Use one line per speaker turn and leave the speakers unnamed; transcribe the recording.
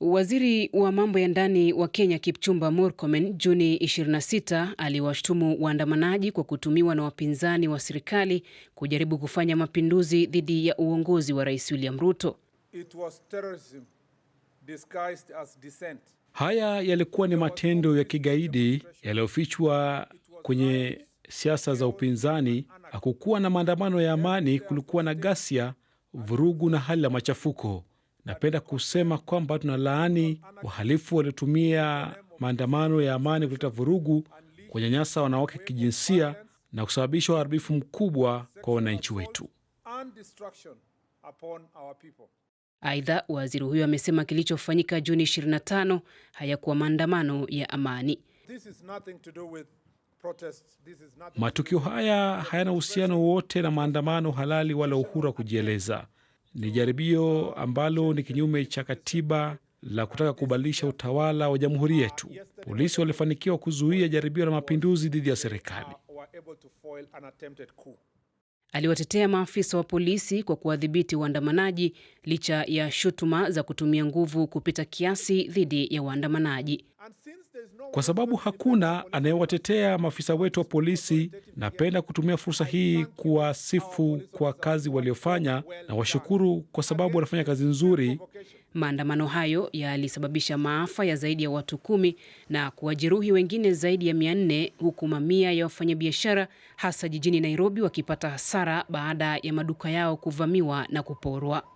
Waziri wa mambo ya ndani wa Kenya Kipchumba Murkomen Juni 26 aliwashtumu waandamanaji kwa kutumiwa na wapinzani wa serikali kujaribu kufanya mapinduzi dhidi ya uongozi wa Rais William Ruto.
It was terrorism disguised as dissent. Haya yalikuwa ni matendo ya kigaidi yaliyofichwa kwenye siasa za upinzani. Hakukuwa na maandamano ya amani, kulikuwa na ghasia, vurugu na hali ya machafuko. Napenda kusema kwamba tunalaani wahalifu waliotumia maandamano ya amani kuleta vurugu, nyasa wanawake kijinsia na kusababisha uharibifu mkubwa kwa wananchi wetu.
Aidha, waziri huyo amesema kilichofanyika Juni 25 hayakuwa maandamano ya amani.
Matukio haya hayana uhusiano wote na maandamano halali wala uhuru wa kujieleza ni jaribio ambalo ni kinyume cha katiba la kutaka kubadilisha utawala wa jamhuri yetu. Polisi walifanikiwa kuzuia jaribio la mapinduzi dhidi ya serikali.
Aliwatetea maafisa wa polisi kwa kuwadhibiti waandamanaji licha ya shutuma za kutumia nguvu kupita kiasi dhidi ya waandamanaji
kwa sababu hakuna anayewatetea maafisa wetu wa polisi. Napenda kutumia fursa hii kuwasifu kwa kazi waliofanya na washukuru kwa sababu wanafanya kazi nzuri.
Maandamano hayo yalisababisha maafa ya zaidi ya watu kumi na kuwajeruhi wengine zaidi ya mia nne huku mamia ya wafanyabiashara hasa jijini Nairobi wakipata hasara baada ya maduka yao kuvamiwa na kuporwa.